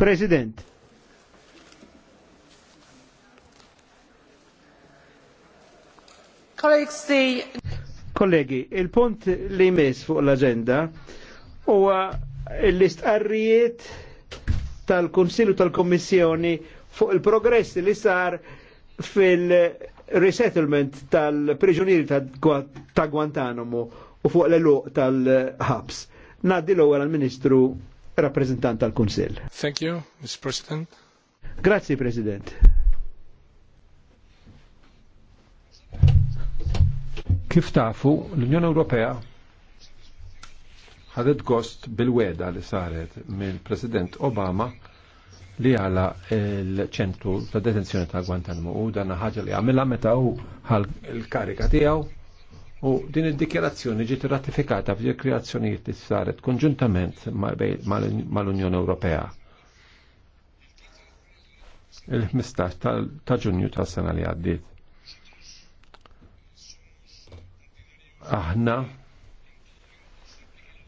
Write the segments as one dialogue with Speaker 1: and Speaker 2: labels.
Speaker 1: President. Kollegi, il-punt li jmiss fuq l-agenda huwa l-istqarrijiet tal kunsillu tal-Kommissjoni fuq il-progress li sar fil-resettlement tal-priġunieri ta' Guantanamo u fuq l-eluq tal-ħabs. Naddi l-ewwel għal-Ministru rappresentant tal-Kunsill.
Speaker 2: Thank you, Mr. President. Grazzi, President. Kif tafu, l-Unjoni Ewropea ħadet gost bil-weda li saret mill-President Obama li għala l-ċentru ta' detenzjoni ta' Guantanamo u dan ħaġa li għamilla meta u ħal il-karika tiegħu. U din id-dikjerazzjoni ġiet ratifikata f'dikjerazzjonijiet li saret konġuntament mal-Unjoni Ewropea. Il-15 ta' ġunju ta' sena li għaddiet. Aħna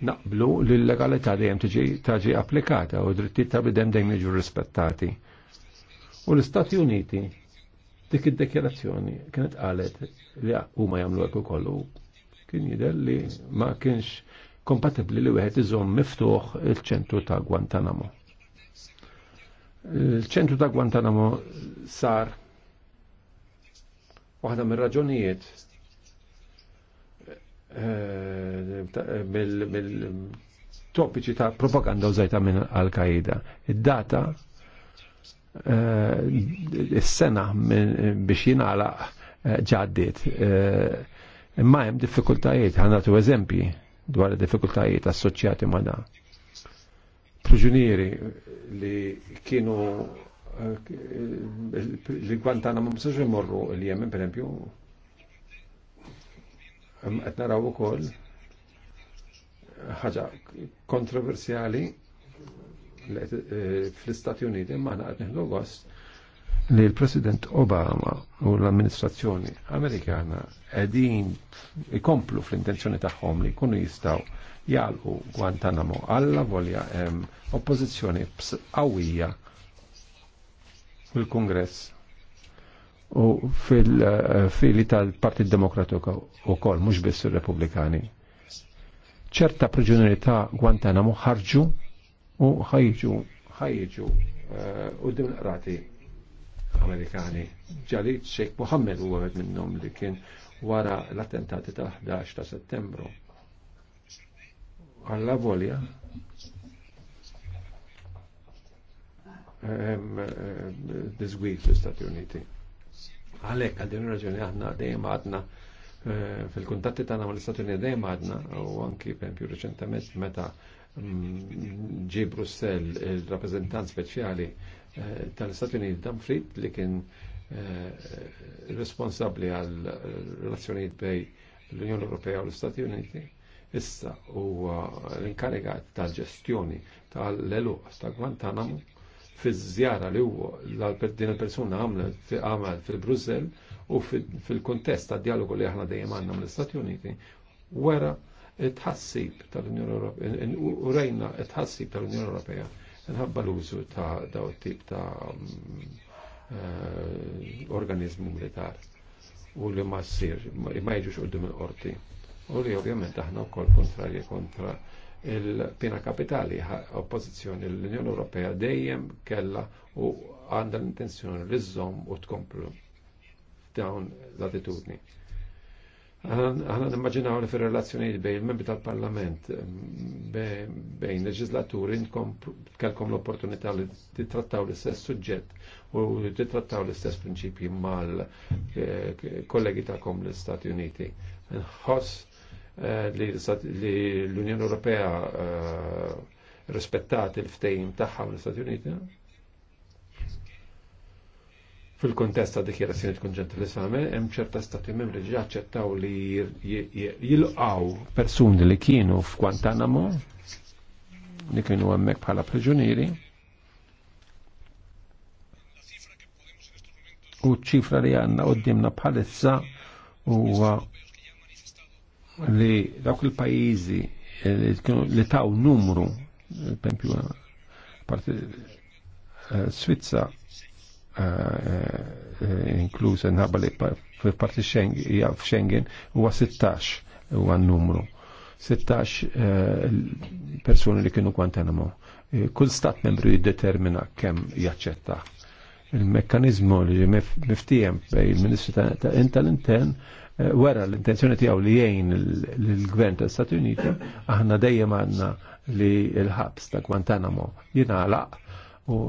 Speaker 2: naqblu li l-legalità dejjem tiġi taġi applikata u drittijiet ta' bidem dejjem jiġu rispettati. U l-Istati Uniti Dik id-dekjerazzjoni kienet qalet li huma jagħmlu hekk ukoll kien jidher li ma kienx kompatibbli li wieħed iżomm miftuħ il-ċentru ta' Guantanamo. Il-ċentru ta' Guantanamo sar waħda mir-raġunijiet mill-topiċi eh, ta' propaganda użajta minn Al-Qaeda. Id-data Eh, is-sena biex jingħalaq eh, ġaddiet. Eh, imma hemm diffikultajiet, tu eżempji dwar id-diffikultajiet assoċjati ma' dan. Pruġunieri li kienu li Guantanamo ma msaġ imorru li jemmen per esempio qed naraw ukoll ħaġa kontroversjali fl-Istati Uniti, imma naqgħod neħdu gost li l-President Obama u l-amministrazzjoni Amerikana qegħdin ikomplu fl-intenzjoni tagħhom li jkunu jistgħu jgħalqu Guantanamo alla volja hemm oppożizzjoni qawwija fil-Kongress u fil-fili tal-Partit Demokratika u kol, biss il-Republikani. ċerta priġunerità Guantanamo ħarġu u ħajġu ħajġu eh, u demokrati Amerikani. Ġalid Sheikh Muhammad u għed minnom li kien wara l-attentati ta' 11 ta' settembru. għalla volja, ehm, eh, dizgwit l-Stati Uniti. Għalek, għal din raġuni għadna dejjem għadna Eh, fil-kuntatti tagħna mal-Istati Uniti dejjem għadna u anki pempju reċentement meta mm, ġi Brussell il-rappreżentant speċjali eh, tal-Istati Uniti Dan li kien eh, responsabbli għal relazzjonijiet bej l-Unjoni Ewropea u l-Istati Uniti issa huwa l-inkarigat tal-ġestjoni tal-eluq ta' Guantanamo fiż-żjara li huwa din il-persuna għamlet għamel fil-Brussell u fil-kontest ta' dialogu li aħna dejjem għandna mill-Istati Uniti wara tħassib tal-Unjoni Ewropea u rejna tħassib tal-Unjoni Ewropea nħabba l-użu ta' daw tip ta' eh, organizmu militar u li ma ssir ma jiġux qudiem il-qorti. U li ovvjament aħna wkoll kontrarji kontra il pina kapitali oppożizzjoni l-Unjoni Ewropea dejjem kella u għandha l-intenzjoni li żżomm u tkomplu dawn l-attitudni. Għana immaginaw li fil-relazzjoniet bejn il-membri tal-parlament, bejn leġislaturi, kelkom l-opportunità li titrattaw l-istess suġġett u titrattaw l-istess prinċipji mal-kollegi eh, tal-kom l-Stati Uniti. Nħoss eh, li l-Unjoni Ewropea eh, rispettati l ftejim taħħa l-Stati Uniti, fil kontesta dikjerazzjoni dikjerazzjoni konġent l-esame, hemm ċerta stati membri li ġaċċettaw li jilqaw persuni li kienu f'Guantanamo, li kienu hemmhekk bħala preġunieri. U ċifra li għandna qoddimna bħalissa u li dawk il-pajjiżi li taw numru, per eh, Svizzera Eh, eh, inkluse nħabba li f'parti f'Schengen huwa 16 huwa n-numru. 16 eh, persuni li kienu Guantanamo. Kull stat membru jiddetermina kemm jaċċetta. Il-mekkanizmu li miftijem bej il-Ministru tal-Intern wara l-intenzjoni tiegħu li jgħin l-Gvern tal-Stati Uniti, aħna dejjem għandna li l-ħabs ta' Guantanamo jingħalaq u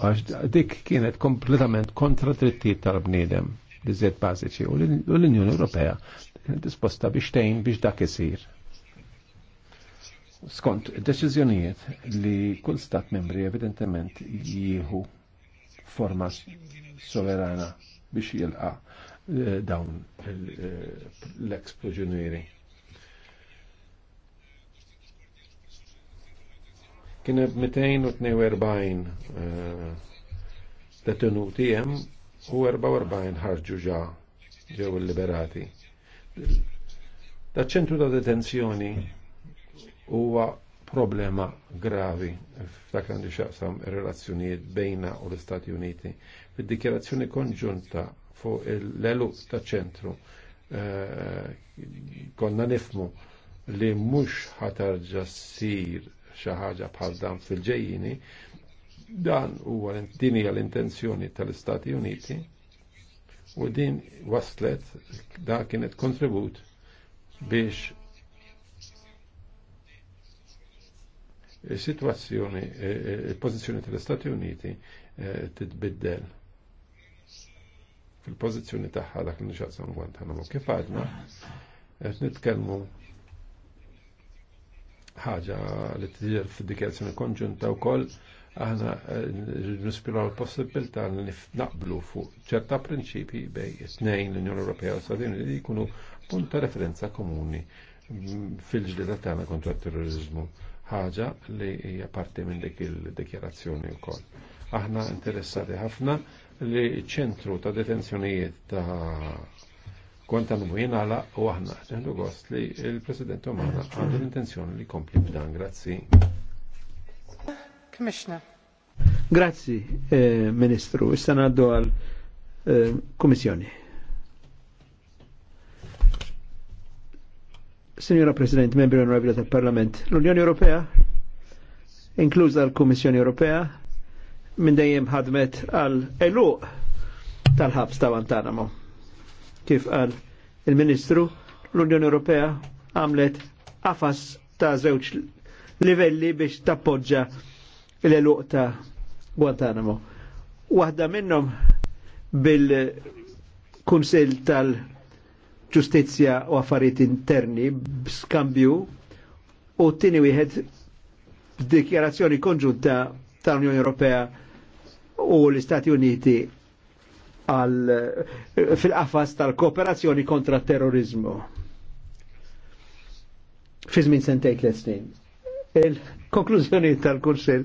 Speaker 2: għax dik kienet kompletament kontra trittijiet tal-bniedem li zed bażiċi u l-Unjoni Ewropea kienet disposta biex tgħin biex dak isir. Skont deċiżjonijiet li kull stat membri evidentement jieħu forma soverana biex jilqa eh, dawn eh, l-ex Kien 242 eh, detenuti hemm u 44 ħarġu ġa ġew il liberati. Daċ-ċentru ta' detenzjoni huwa problema gravi f'dak għandi xaqsam ir-relazzjonijiet bejna u l-Istati Uniti. Fid-dikjerazzjoni konġunta fuq l-elu ta' ċentru eh, konna nifmu li mhux ħatarġa sir xaħġa bħal dan fil-ġejjini, dan huwa din hija l-intenzjoni tal-Istati Uniti u din waslet da kienet kontribut biex il situazzjoni, il-pozizjoni tal-Istati Uniti eh, titbiddel fil-pozizjoni taħħa dak l nixaqsam għantanamu. Kif għadna, qed ħaġa li t-tidjer f-dikjazzjoni konġunta u koll, aħna eh, nispiraw l-possibilta li naqblu fuq ċerta prinċipi bej snejn l-Unjoni Ewropea u Stadini li jikunu punta referenza komuni mm, fil-ġlida tagħna kontra terrorizmu ħaġa li hija parti minn dik il-dikjarazzjoni wkoll. Aħna interessati ħafna li ċentru ta' detenzjonijiet ta' kont jien jenala u aħna għandu gost li il-President Omana għandu l-intenzjoni li kompli b'dan, grazzi.
Speaker 1: Commissioner. Grazzi, eh, Ministru. Issa għaddu għal eh, Komissjoni. Signora President, membri onorabili tal Parlament, l-Unjoni Ewropea, inkluża l kummissjoni Ewropea, minn dejjem ħadmet għal eluq tal-ħabs ta' Guantanamo Kif qal il-Ministru, l-Unjoni Ewropea għamlet għafas ta' żewġ livelli biex tappoġġa l-eluq ta' Guantanamo. Waħda minnhom bil-Kunsill tal-Ġustizzja u Affarijiet Interni b'skambju u t wieħed dikjarazzjoni konġunta tal-Unjoni Ewropea u l-Istati Uniti Eh, fil-qafas tal-kooperazzjoni kontra terrorizmu. Fizmin żmien l snin. Il-konklużjoni tal kursil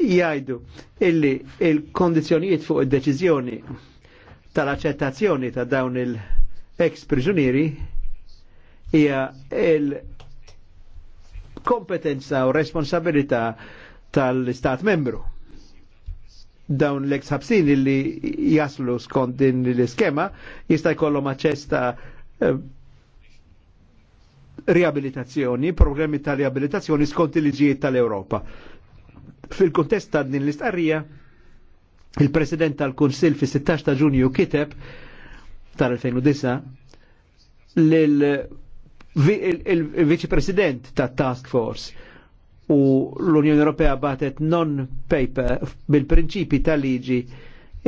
Speaker 1: jajdu. illi il-kondizzjonijiet fuq id-deċiżjoni tal-aċċettazzjoni ta' dawn il-ex priġunieri hija il-kompetenza u responsabilità tal-Istat membru dawn l-eks ħabsin li jaslu skont din l-iskema jista' jkollhom aċċess ta' eh, riabilitazzjoni, programmi ta' riabilitazzjoni skont il-liġijiet tal-Ewropa. fil kuntest ta' din l-istqarrija, il-President tal-Kunsil fis 16 ta' Ġunju kiteb tal-2009 l-Viċi President ta' Task Force u l-Unjoni Ewropea batet non-paper bil-prinċipi tal-liġi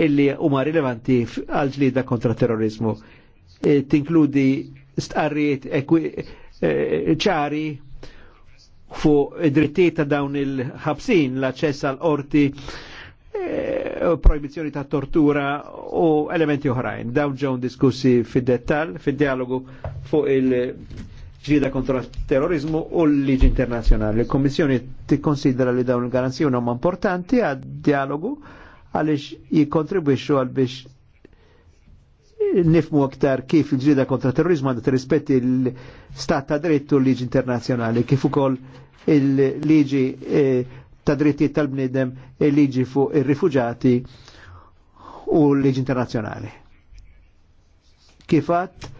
Speaker 1: illi huma rilevanti għal ġlida kontra terrorizmu. E, Tinkludi stqarriet e, ċari e, fu id-drittijiet ta' dawn il-ħabsin, l-aċċess għal orti, e, proibizjoni ta' tortura u elementi oħrajn. Dawn ġew diskussi fid-dettal, fid-dialogu fuq il- ġrida kontra terrorizmu u l-liġi internazjonali. Il-Kommissjoni tikkonsidera li dawn il-garanziju huma importanti għad dialogu għalix jikontribuixu għal biex nifmu aktar kif il-ġrida kontra terrorizmu t-rispetti l-stat ta' drittu l-liġi internazjonali, kif ukoll il-liġi eh, ta' dritti tal bnidem il-liġi fuq il rifuġati u l-liġi internazjonali. Kifat,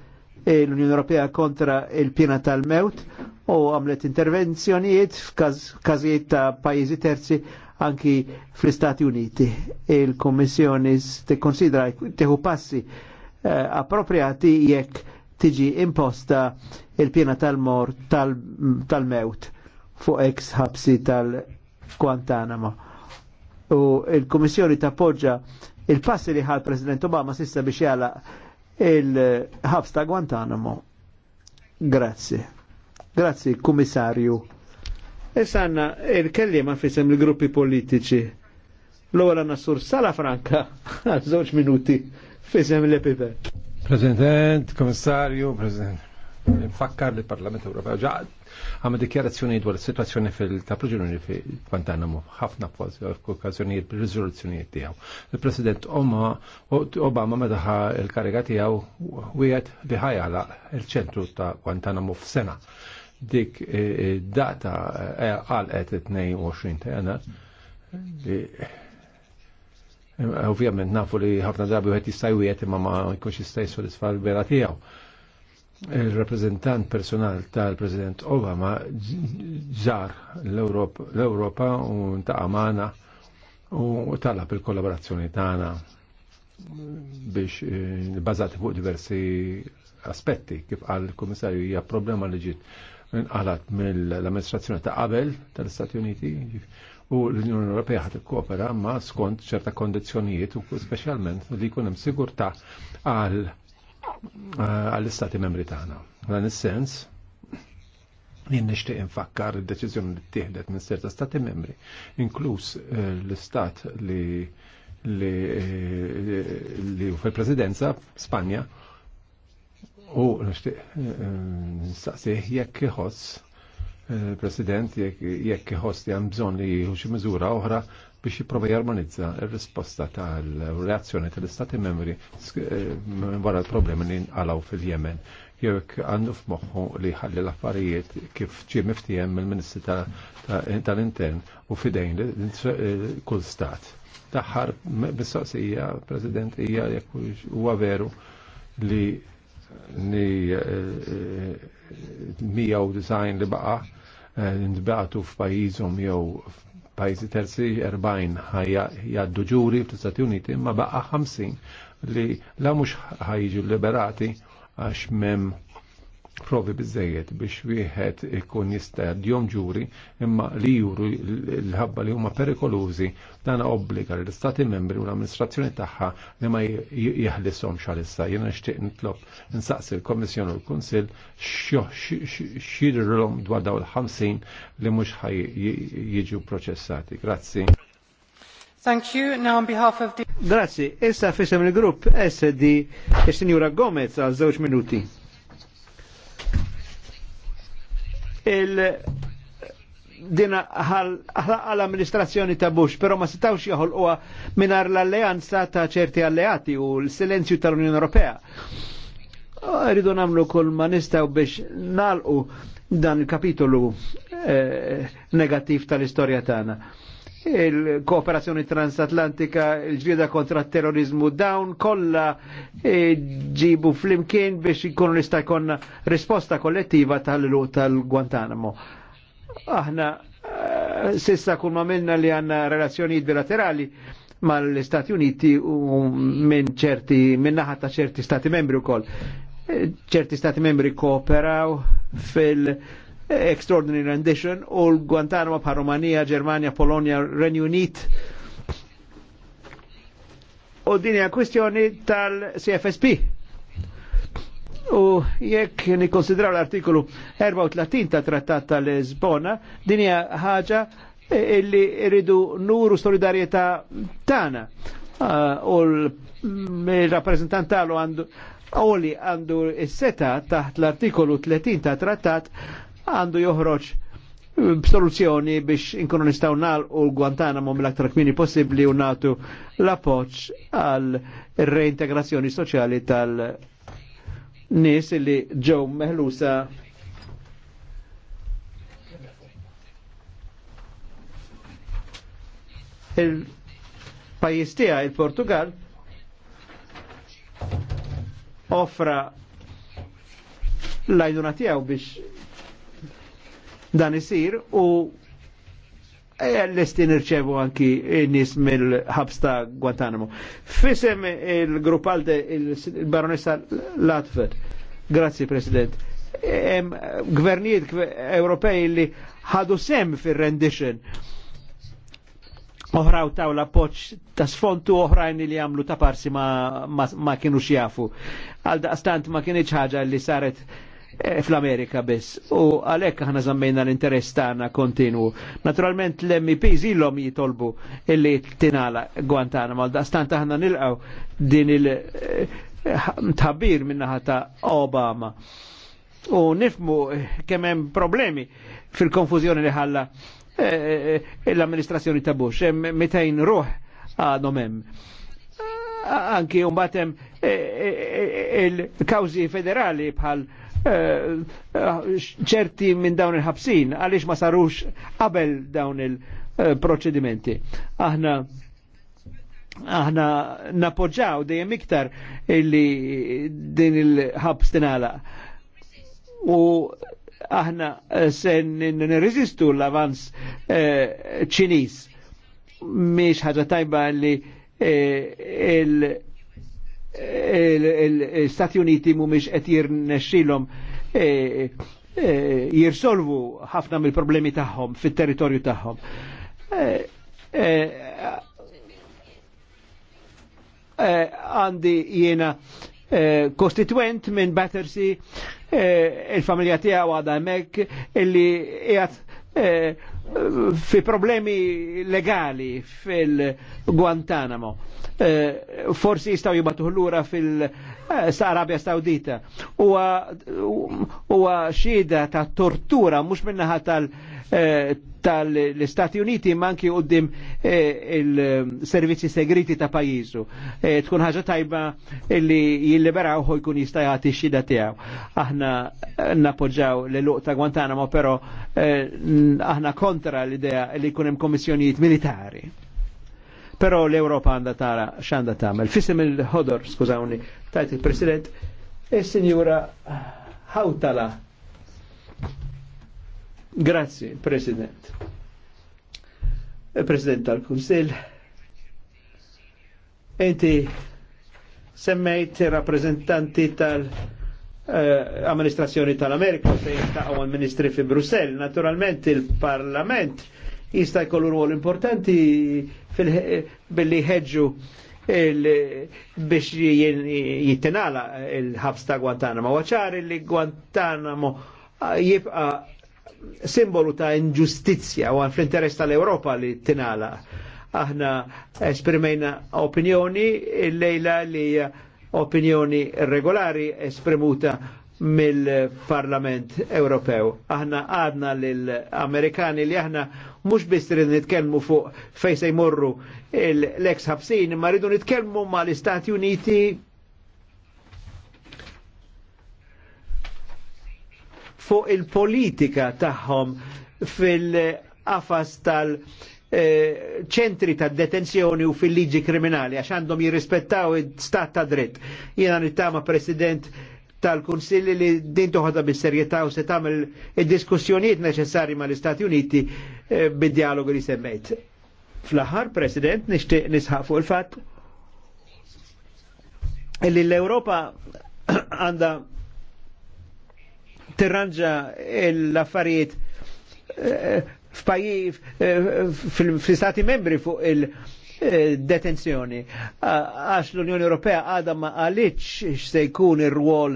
Speaker 1: l-Unjoni Ewropea kontra il-pjena tal-mewt u għamlet intervenzjonijiet f'każijiet ta' pajjiżi terzi anki fl-Istati Uniti. Il-Kommissjoni tikkonsidra teħu passi eh, appropriati jekk tiġi imposta il-pjena tal-mor tal-mewt fuq ex ħabsi tal kwantanamo U il-Kommissjoni tappoġġa il-passi li ħal President Obama sissa biex jala il-ħabs ta' Guantanamo. Grazzi. Grazzi, kummissarju. Issanna, il kelli ma' fissem il-gruppi politiċi. L-għola nassur sala franka, zoċ minuti, fissem l-EPP.
Speaker 2: President, komissarju, president. fakkar li Parlament Ewropew ġaqt għamma dikjarazzjoni dwar is-sitwazzjoni fil-ta' proġunuri fi Guantanamo ħafna okkażjonijiet bir-riżoluzzjonijiet tiegħu. Il-President Obama meta ħa il-kariga tiegħu wieħed li ħajala il-ċentru ta' Guantanamo sena Dik eh, eh, data għal eh, għalqet 22 ta' jana Ovvijament nafu li ħafna drabi għet jistaj u imma ma jkunx jistaj soddisfa l-vera tijaw il reprezentant personal tal-President Obama ġar l-Europa u ta' Amana u talab il-kollaborazzjoni tagħna biex eh, bazati fuq diversi aspetti kif għal komissarju hija problema li ġiet inqalat mill-amministrazzjoni ta' qabel tal-Istati Uniti u l-Unjoni Ewropea ħad ikkopera ma skont ċerta kondizzjonijiet u speċjalment li jkun hemm sigurtà għal Eh, għall-istati membri taħna. Għan il sens jinn nishtiq infakkar il deċiżjoni li t-tihdet minn serta stati membri, inkluż eh, l-istat li li eh, u fil prezidenza Spanja u nishtiq nistaqsi jekk iħoss President, jekk jħoss li hemm bżonn li jieħu xi miżura oħra biex jipprova jarmonizza il risposta tal-reazzjoni tal-Istati membri eh, wara l-problemi li nqalaw fil-Jemen. Jekk għandu f'moħħu li ħalli l-affarijiet kif ġie miftijem mill-Ministri tal-Intern u fidejn eh, kull stat. Taħħar mistoqsija, President, hija jekk huwa veru li li 190 eh, li baqa' nbaqtu f'pajizom jew pajzi terzi 40 jaddu ġuri fl-Istati Uniti imma baqa' 50 li la mhux ħajġu liberati għax mem provi bizzejiet biex wieħed ikun jista' jom ġuri imma li juru l-ħabba li huma perikolużi dan obbliga l istati membri u l-amministrazzjoni tagħha li ma jeħlisom xalissa. Jiena nixtieq nitlob nsaqsi l kommissjon u l-Kunsill x'jidrilhom dwar dawn il-ħamsin li mhux jiġu proċessati. Grazzi.
Speaker 1: Thank you. Now on behalf of the... Grazie. Issa fisem il-grupp SD il-Sinjura Gomez għal żewġ minuti. il- dina għal-amministrazzjoni ta' Bush, pero ma setawx jħolquha minar l-alleanza ta' ċerti alleati u l-silenzju tal-Unjoni Ewropea. Ah, rridu namlu kull ma nistaw biex nalqu dan il-kapitolu eh, negattiv negativ tal-istorja tagħna il-kooperazzjoni transatlantika, il-ġrieda kontra terrorizmu dawn kollha e, ġibu flimkien biex ikunu nista' jkun risposta kollettiva tal-lu tal-Guantanamo. Aħna eh, sissa kun ma minna li għanna relazzjonijiet bilaterali mal-Stati Uniti u minn ċerti, minn naħat ta' ċerti stati membri u koll. Eh, ċerti stati membri kooperaw fil- Extraordinary Rendition u l-Guantanamo pa' Romania, Germania, Polonia, Renju Unit. U din hija kwistjoni tal-CFSP. U jekk nikkonsidraw l-artikolu 34 ta' trattat tal-Lisbona, din hija ħaġa e, illi rridu nuru solidarjetà tana. U l-rappresentant tagħu għandu Oli għandu s-seta taħt l-artikolu 30 ta' trattat għandu joħroġ b'soluzzjoni eh, biex inkunu nistaw nal u guantanamo mill-aktar kmini possibli u natu l-appoċ għal reintegrazzjoni soċjali tal-nis li ġew meħlusa il-pajis il-Portugal, offra l ajdunatijaw biex dan isir u e, l-esti nirċevu anki nis mill ħabsta Guantanamo. Fisem il-grupp għalde il-baronessa Latford. Grazie, President. Gvernijiet Ewropej li ħadu sem fil-rendition Oħraw taw l-appoċ ta' sfontu oħrajn li jamlu ta' parsi ma, ma, ma kienu xjafu. Għal daqstant ma kienieċ ħaġa li saret Eh, fl-Amerika biss. U għalhekk aħna żammejna l-interess tagħna kontinu. Naturalment l-MEPs ilhom jitolbu illi tinala Guantanamo mal stanta aħna nilqgħu din il-tħabbir eh, minnaħa ta' Obama. U nifmu eh, kemm hemm problemi fil-konfużjoni li ħalla l-amministrazzjoni ta' Bush, hemm ruħ għadhom hemm anki jumbatem il-kawzi federali bħal Eh, eh, ċerti minn dawn il-ħabsin, għaliex ma sarux qabel dawn il-proċedimenti. Aħna aħna napoġġaw dejjem iktar illi din il-ħabs tinala. U aħna eh, sen nirriżistu l-avans ċinis. Miex ħaġa tajba li il- l stati Uniti mumiex qed jirnexxilhom e, e, jirsolvu ħafna mill-problemi tagħhom fit-territorju tagħhom. E, għandi jiena kostituent minn Battersea, il-familja tiegħu għadha hemmhekk illi qiegħed Eh, fi problemi legali fil-Guantanamo. Eh, forsi jistaw jibatuh ura fil-Arabia Saudita. Huwa xida ta' tortura mhux minnaħa tal- Eh, tal-Istati Uniti ma anki qoddim eh, il-servizzi segreti ta' pajizu. Eh, tkun ħaġa tajba illi jilliberaw u jkun jistajati xida tijaw. Aħna nappoġġaw l luq ta' Guantanamo, però aħna kontra l-idea li jkun hemm kommissjonijiet militari. Però l-Europa għandha tara x'għandha tagħmel. Fissim il-ħodor, skużawni, tajt il-President, is-Sinjura Hautala. Grazie, President. Eh, President tal-Kunsil, Enti semmejt rappresentanti tal-amministrazzjoni eh, tal-Amerika se għu ministri fi Brussell. Naturalment il-Parlament jista' jkollu ruol importanti billi ħeġġu biex jittenala il-ħabs ta' Guantanamo. Waċar li Guantanamo jibqa simbolu ta' inġustizja u għan fl-interess tal-Europa li tinala. Aħna esprimejna opinjoni il-lejla li opinjoni regolari esprimuta mill-Parlament Ewropew. Aħna għadna l-Amerikani li aħna mux bistri nitkelmu fuq fej se jmorru l-ex ħabsin, ma rridu nitkelmu ma l-Istati Uniti fuq il-politika tagħhom fil-qafas tal- eh, ċentri ta' detenzjoni u fil-liġi kriminali għax għandhom jirrispettaw id-stat ta' dritt. Jena nittama president tal-Kunsilli li din toħodha bis-serjetà u se tagħmel id-diskussjonijiet neċessarji mal-Istati Uniti eh, bid-dialogu li semmejt. Fl-aħħar, President, nixtieq nisħaq fuq il-fatt li l-Ewropa għandha tirranġa l-affarijiet eh, f'pajjiż eh, fl-istati membri fuq il- eh, detenzjoni. Għax l-Unjoni Ewropea għadha ma għalitx se jkun ir-rwol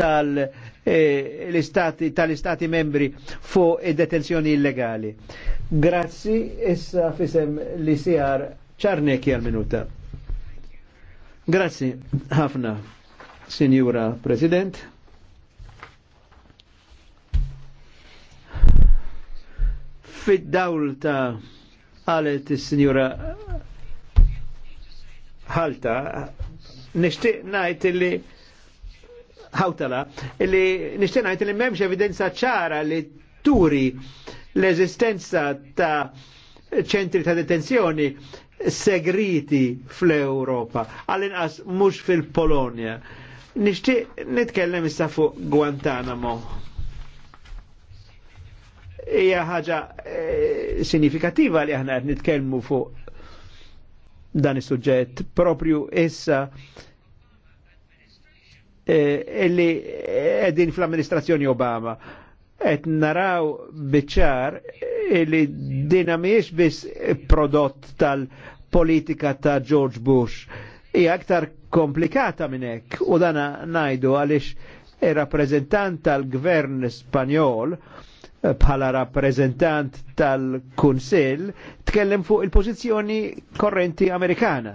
Speaker 1: tal-istati tal-istati membri fu detenzjoni illegali. Grazzi, issa fisem li sijar ċarnek għal-minuta. Grazzi, ħafna, Signora President. fid-dawl ta' għalet il-Sinjura ħalta, nishtiq najt illi ħawtala, li nishtiq najt li memx evidenza ċara li turi l-eżistenza ta' ċentri ta' detenzjoni segriti fl-Europa, għal-inqas mux fil-Polonia. Nishtiq nitkellem issa fuq Guantanamo hija ħaġa eh, sinifikattiva li aħna qed nitkellmu fuq dan is-suġġett propju issa eh, illi qegħdin fl-amministrazzjoni Obama qed naraw biċar illi dina mhijiex biss prodott tal-politika ta' George Bush. Hija aktar komplikata minn hekk u dana ngħidu għaliex ir-rappreżentant tal-gvern Spanjol bħala rappresentant tal kunsel tkellem fuq il-pożizzjoni korrenti Amerikana.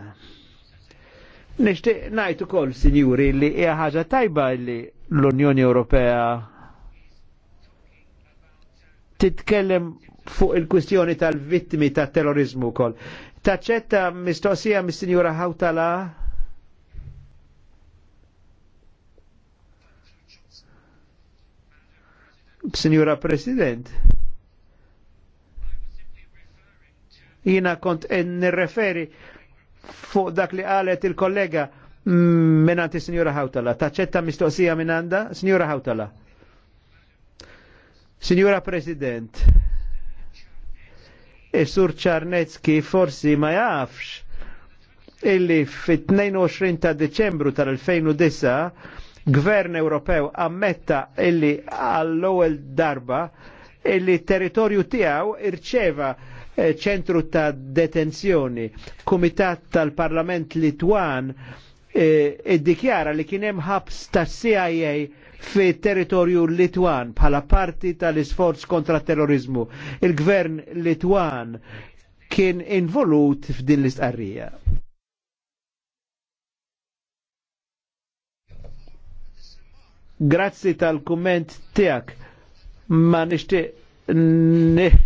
Speaker 1: Nixtieq ngħid ukoll, sinjuri, li hija ħaġa tajba li l-Unjoni Ewropea titkellem fuq il-kwistjoni tal-vittmi tat terrorizmu wkoll. Taċċetta mistoqsija mis-Sinjura Hawtala Signora President, jina kont nirreferi fuq dak li għalet il-kollega minnanti Signora Hautala. Taċċetta mistoqsija minnanda, Signora Hautala. Signora President, Is-Sur e Czarnecki forsi ma jafx illi fit-22 ta' Deċembru tal-2009 gvern Ewropew ammetta illi għall-ewwel darba illi territorju tiegħu irċeva eh, ċentru ta' detenzjoni. Kumitat tal-Parlament Litwan eh, iddikjara li kien hemm ħabs ta' CIA fi territorju Litwan bħala parti tal-isforz kontra terrorizmu. Il-gvern Litwan kien involut f'din l-istqarrija. Grazzi tal-komment tijak. Ma nishtiq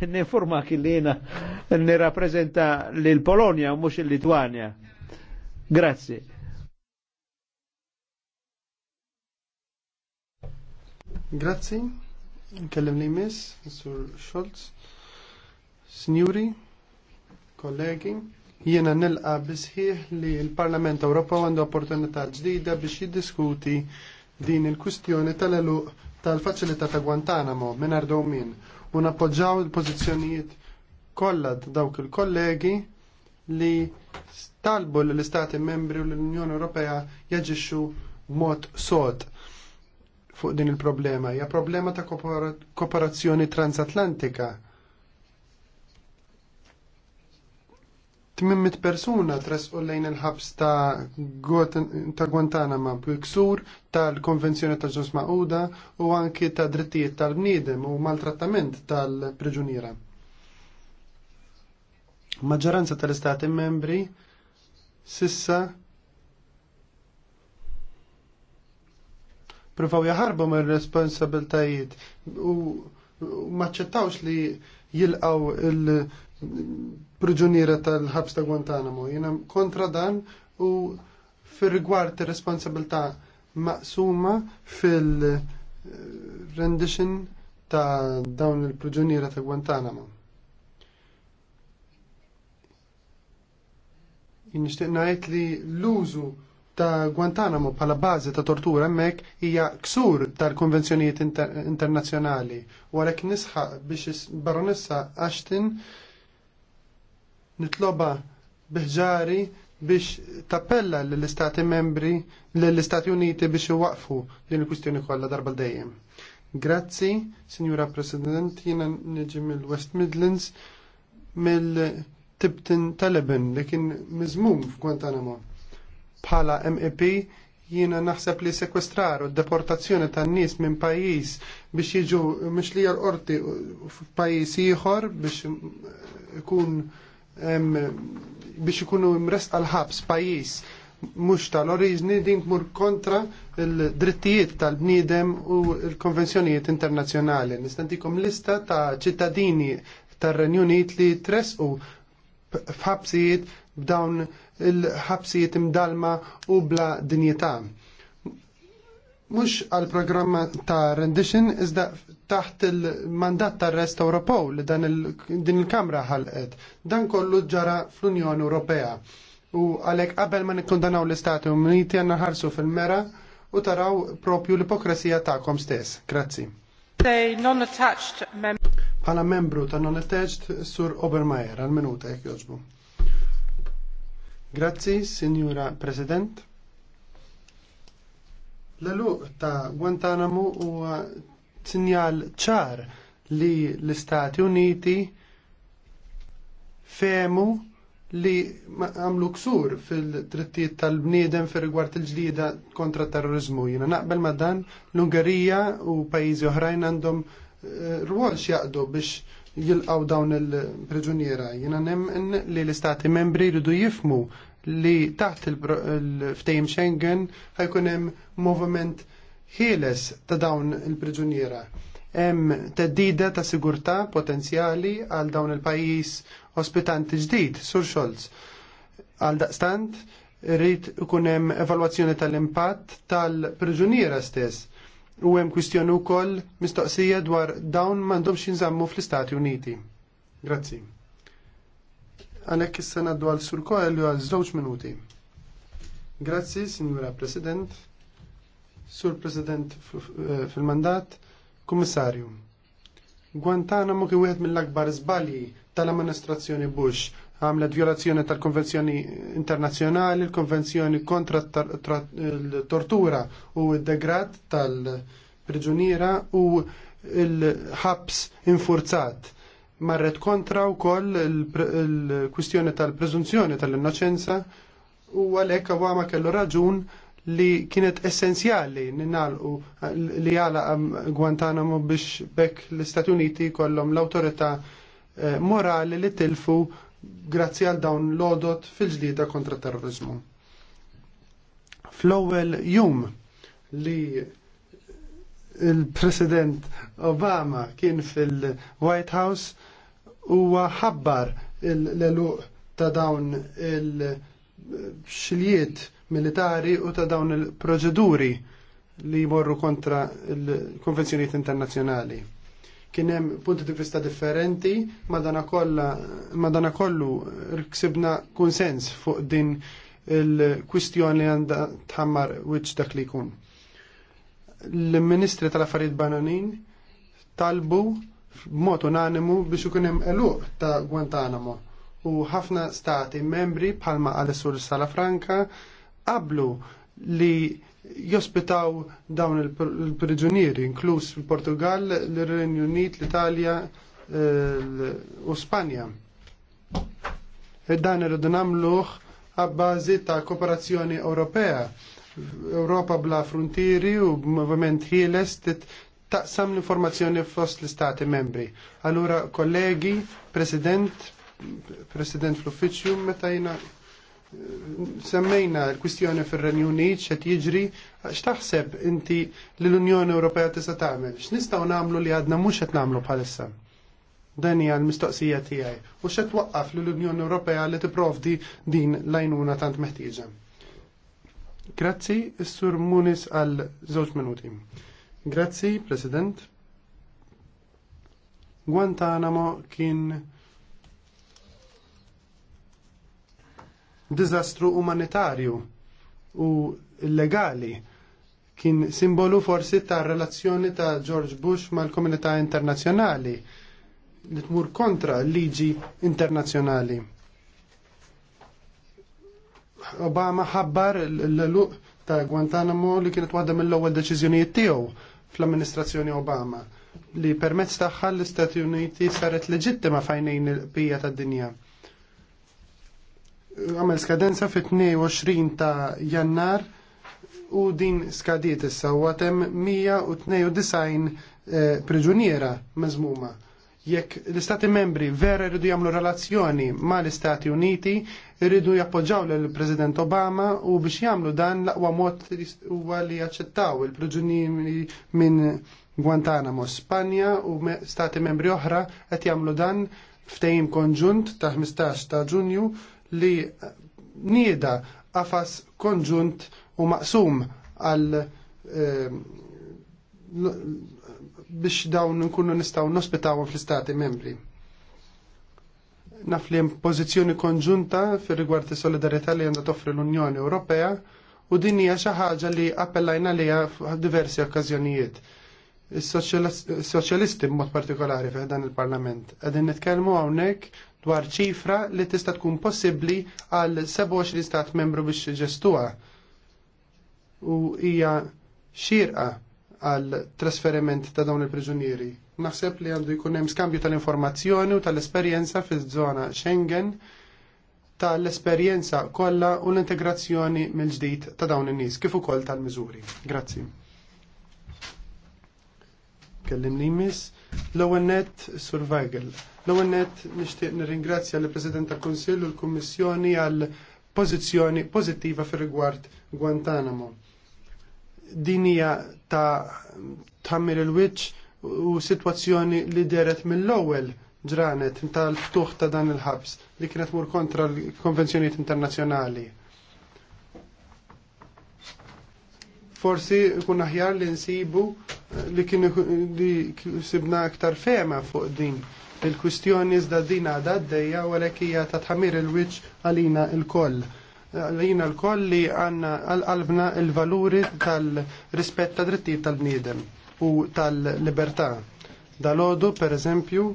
Speaker 1: nifurmak illi jena nirrapprezenta l-Polonia u mux il-Litwania.
Speaker 3: Grazzi. Grazzi. Nkellem li miss, Sur Scholz, Signori, kollegi, jiena nilqa bisħiħ li l-Parlament Ewropew għandu opportunità ġdida biex jiddiskuti din il-kwistjoni tal-eluq tal-faċilità ta' Guantanamo minn min u nappoġġaw il-pożizzjonijiet kollha dawk il-kollegi li talbu l-Istati membri u l-Unjoni Ewropea jaġixxu mod sod fuq din il-problema. Hija problema ta' kooperazzjoni transatlantika 800 persuna tresqu lejn il-ħabs ta' Guantanama b'iksur tal-Konvenzjoni ta' ġos Mauda u anki ta' drittijiet tal-bniedem u maltrattament tal-priġuniera. Maġġoranza tal-Istati membri sissa provaw jaħarbu ma' responsabiltajiet u maċċettawx li jilqaw il priġuniera tal-ħabs ta' Guantanamo. Jena kontra dan u fir-rigward ta' responsabilità maqsuma fil-rendition ta' dawn il-priġuniera ta' Guantanamo. Nixtieq ngħid li l-użu ta' Guantanamo bħala bażi ta' tortura hemmhekk hija ksur tal-konvenzjonijiet inter internazzjonali u għalhekk nisħaq biex baronessa Ashton nitloba biħġari biex tappella l-Istati membri, l-Istati Uniti biex waqfu din il kwistjoni kollha darba dejjem. Grazzi, Signora President, jiena niġi mill-West Midlands mill-Tibtin Taliban li kien miżmum f'Guantanamo. Bħala MEP jiena naħseb li sekwestraru deportazzjoni tan nies minn pajjiż biex jiġu mhux li l-qorti f'pajjiż ieħor biex ikun biex ikunu imresqa l-ħabs pajis mux tal-oriġni din tmur kontra l-drittijiet tal-bniedem u l-konvenzjonijiet internazjonali. Nistantikom lista ta' ċittadini tar-Renju Unit li tresqu f'ħabsijiet b'dawn il-ħabsijiet imdalma u bla dinjità mux għal programma ta' rendition iżda taħt il-mandat ta' rest Ewropew li dan din il-Kamra ħalqet. Dan kollu ġara fl-Unjoni Ewropea. U għalek qabel ma nikkundanaw l-Istati Uniti għanna ħarsu fil-mera u taraw propju l-ipokresija ta'kom stess. Grazzi. Bħala membru ta' non-attached sur Obermeier għal-minuta jek joġbu. Grazzi, Signora President. L-eluq ta' Guantanamo huwa sinjal ċar li l-Istati Uniti femu li għamlu ksur fil trittijiet tal-bniedem fil rigward il-ġlida kontra terrorizmu. Jina naqbel ma dan l-Ungerija u pajizi oħrajn għandhom eh, rwol xjaqdu biex jilqaw dawn il-preġuniera. Jina nemmen li l-istati membri jridu jifmu li taħt il-ftejm Schengen ħajkun hemm moviment ħieles ta' dawn il-priġuniera. Hemm teddida ta' sigurtà potenzjali għal dawn il-pajjiż ospitanti ġdid, Sur Scholz. Għal daqstant, rrit ikun hemm evalwazzjoni tal-impatt tal-priġuniera stess. U hemm kwistjoni wkoll mistoqsija dwar dawn m'għandhomx jinżammu fl-Istati Uniti. Grazzi. Għalhekk issa ngħaddu għal surko Koelju għal żewġ minuti. Grazzi, Signora President, Sur President eh, fil-mandat, Kummissarju. Guantanamo kien wieħed mill-akbar żbalji tal-amministrazzjoni Bush għamlet violazzjoni tal-konvenzjoni internazzjonali, l-konvenzjoni kontra l-tortura u d-degrad tal-priġuniera u l-ħabs infurzat marret kontra wkoll il-kwistjoni tal-preżunzjoni tal-innoċenza u għalhekk għama kellu raġun li kienet essenzjali u li għala Guantanamo biex bekk l-Istati Uniti kollom l-awtorità eh, morali li tilfu grazzi għal dawn l-odot fil-ġdida kontra terrorizmu. Flowell jum li il-President Obama kien fil-White House huwa ħabbar l-eluq ta' dawn il xiliet militari u ta' dawn il-proċeduri li jmorru kontra il-konvenzjoniet internazzjonali. Kien hemm punti di vista differenti, dana kollu ksibna konsens fuq din il-kwistjoni għandha tħammar wiċ dak li jkun. L-Ministri tal-Affarijiet Bananin talbu mod unanimu biex ikun hemm eluq ta' Guantanamo u ħafna stati membri bħalma għal-Sur Salafranca qablu li jospitaw dawn il-priġunieri, inkluż il-Portugal, l-Renju Unit, l-Italja eh, u Spanja. E dan irridu nagħmluh għabbażi ta' kooperazzjoni Ewropea. Europa bla frontieri u movement ħieles taqsam l-informazzjoni fost l-istati membri. Allura, kollegi, president, president fl-uffiċju, meta jina eh, semmejna l-kwistjoni fil-Renju Unit xet jiġri, x'taħseb inti l-Unjoni Ewropea tista' tagħmel? X'nistgħu nagħmlu li għadna mhux qed nagħmlu bħalissa? Dan hija l-mistoqsija tiegħi. U x'għed waqqaf lill-Unjoni Ewropea li tipprovdi din l-għajnuna tant meħtieġa. Grazzi, s-sur Munis għal żewġ minuti. Grazzi, President. Guantanamo kien dizastru umanitarju u illegali kien simbolu forsi ta' relazzjoni ta' George Bush mal-komunità internazzjonali li tmur kontra l-liġi internazzjonali. Obama ħabbar l-luq ta' Guantanamo li kienet waħda mill-ewwel deċiżjonijiet tiegħu fl-amministrazzjoni Obama li permezz tagħha l-Istati Uniti saret leġittima fajnejn il bija tad-dinja. Għamel skadenza fit-22 ta' jannar u din skadiet issa u għatem 192 eh, priġuniera mezmuma Jekk l-Istati membri vera rridu jagħmlu relazzjoni ma l-Istati Uniti, rridu jappoġġaw lill president Obama u biex jagħmlu dan l-aqwa mod huwa li jaċċettaw il-priġunieri minn Guantanamo, Spanja u stati membri oħra qed jagħmlu dan ftehim konġunt ta' 15 ta' Ġunju li nieda qafas konġunt u maqsum għal eh, biex dawn nkunu nistaw nospitawhom fl-istati membri. Naf li hemm pożizzjoni konġunta fir rigward is-solidarità li għandha toffri l-Unjoni Ewropea u din hija xi ħaġa li appellajna liha f'diversi okkażjonijiet. Is-soċjalisti b'mod partikolari f'dan il-Parlament. Qegħdin nitkellmu hawnhekk dwar ċifra li tista' tkun possibbli għal 27 stat membru biex ġestuha. U hija xirqa għal trasferiment ta' dawn il-priġunieri. Naħseb li għandu jkun hemm skambju tal-informazzjoni u tal-esperjenza fiż-żona Schengen tal-esperjenza kollha u l-integrazzjoni mill-ġdid ta' dawn in-nies kif ukoll tal-miżuri. Grazzi. Kellim li jmiss. L-ewwel net Survival. L-ewwel net nixtieq nirringrazzja l president tal-Kunsill u l-Kummissjoni għal pożizzjoni pożittiva fir-rigward Guantanamo dinija ta' tħammir il wiċċ u situazzjoni li deret mill-ewwel ġranet tal-ftuħ ta' dan il-ħabs li kienet mur kontra l-konvenzjoniet internazzjonali. Forsi kun aħjar li nsibu eh, li kien li sibna aktar fema fuq din il-kwistjoni iżda din għadha għaddejja u għalhekk hija ta' tħamir il-wiċċ għalina il-koll. l il koll jina l-koll li għanna għal-qalbna il-valuri tal rispet ta' drittijiet tal bnidem u tal-libertà. Dal-ħodu, per eżempju,